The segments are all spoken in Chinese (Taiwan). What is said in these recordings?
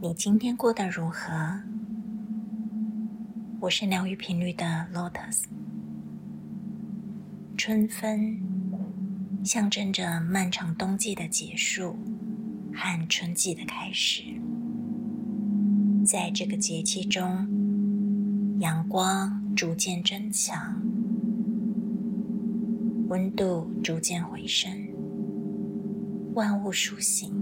你今天過得如何？我是療癒頻率的 Lotus。春分象徵着漫長冬季的結束和春季的開始。在這個節氣中，陽光逐漸增強，溫度逐漸回升，萬物甦醒，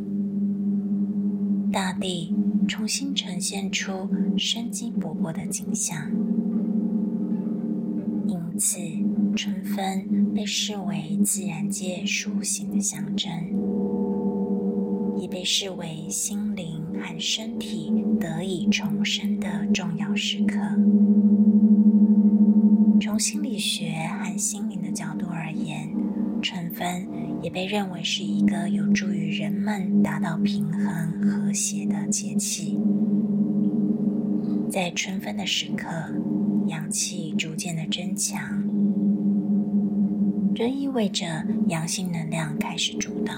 大地，重新呈現出生機勃勃的景象，因此春分被視為自然界甦醒的象徵，也被視為心靈和身體得以重生的重要時刻。從心理學和心靈的角度而言，春分也被認為是一個有助於人們達到平衡和諧的節氣。在春分的時刻，陽氣逐漸的增強，這意味着陽性能量開始主導。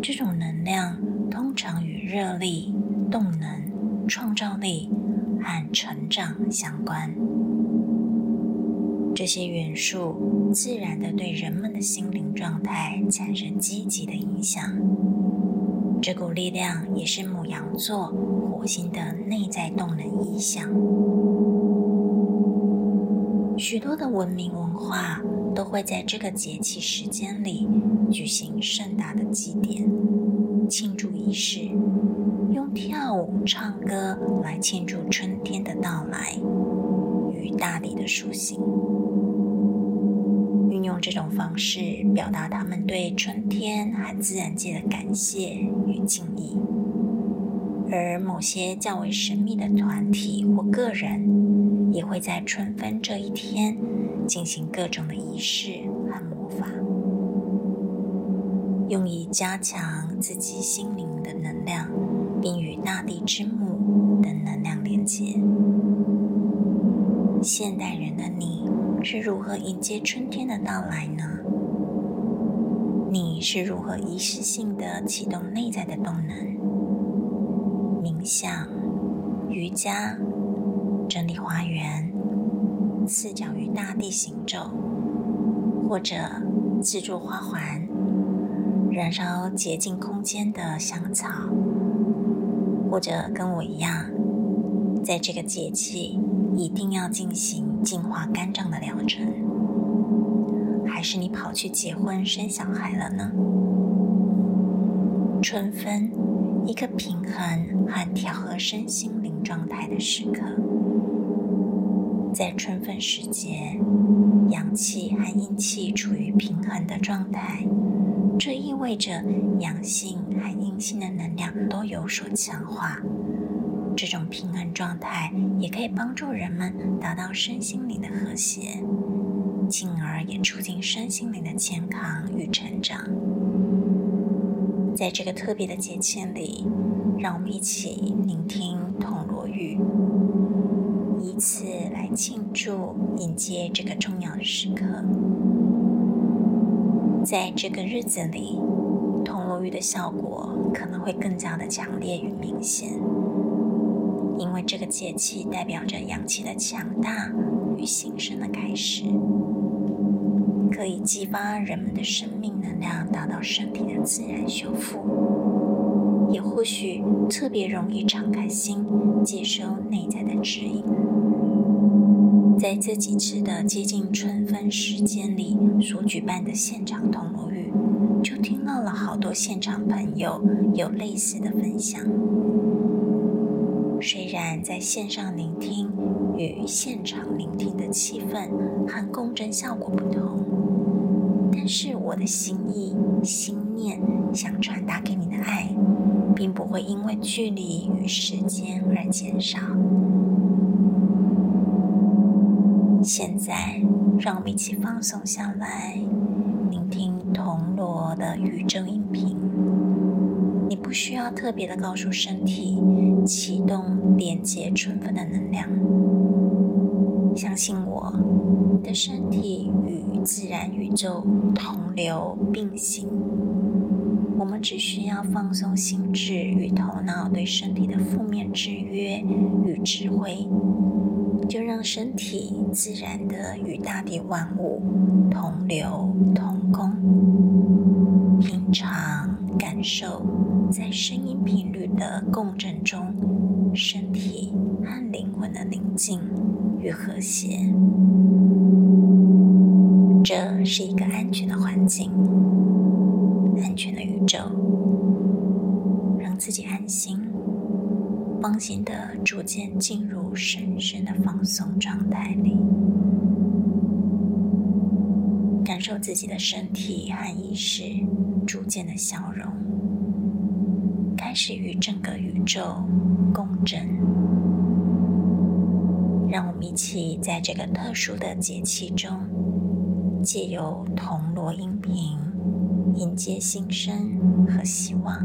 這種能量通常與熱力、動能、創造力和成長相關。這些元素自然地對人們的心靈狀態產生積極的影響。這股力量也是牡羊座火星的內在動能意象。許多的文明文化都會在這個節氣時間裡舉行盛大的祭典、慶祝儀式，用跳舞、唱歌來慶祝春天的到來與大地的甦醒。這種方式表達他們對春天和自然界的感謝與敬意，而某些較為神秘的團體或個人也會在春分這一天進行各種的儀式和魔法，用以加強自己心靈的能量，並與大地之母的能量連接。現代人的你。是如何迎接春天的到來呢？你是如何儀式性的啟動內在的動能？冥想、瑜伽、整理花園、赤腳於大地行走，或者制作花環、燃燒潔淨空間的香草，或者跟我一樣，在這個節氣一定要進行。淨化肝臟的療程，還是你跑去結婚生小孩了呢？春分，一個平衡和調和身心靈狀態的時刻。在春分時節，陽氣和陰氣處於平衡的狀態，這意味着陽性和陰性的能量都有所強化。這種平衡狀態也可以幫助人們達到身心靈的和諧，進而也促進身心靈的健康與成長。在這個特別的節氣裡，讓我們一起聆聽銅鑼浴，以此來慶祝、迎接這個重要的時刻。在這個日子裡，銅鑼浴的效果可能會更加的強烈與明顯。因為這個節氣代表着陽氣的強大與新生的開始，可以激發人們的生命能量，達到身體的自然修復，也或許特別容易敞開心，接收內在的指引。在這幾次的接近春分時間裡所舉辦的現場銅鑼浴，就聽到了好多現場朋友有類似的分享。雖然在線上聆聽與現場聆聽的氣氛和共振效果不同，但是我的心意、心念想傳達給你的愛，並不會因為距離與時間而減少。現在，讓我們一起放鬆下來，聆聽銅鑼的宇宙音頻。你不需要特別的告訴身體啟動連接春分的能量，相信我，你的身體與自然宇宙同流並行。我們只需要放鬆心智與頭腦對身體的負面制約與指揮，就讓身體自然的與大地萬物同流同工，品嚐。感受在聲音頻率的共振中，身體和靈魂的寧靜與和諧。這是一個安全的環境，安全的宇宙，讓自己安心、放心地逐漸進入深深的放鬆狀態裡。感受自己的身體和意識逐漸的消融，開始與整個宇宙共振。讓我們一起在這個特殊的節氣中，借由銅鑼音頻迎接新生和希望。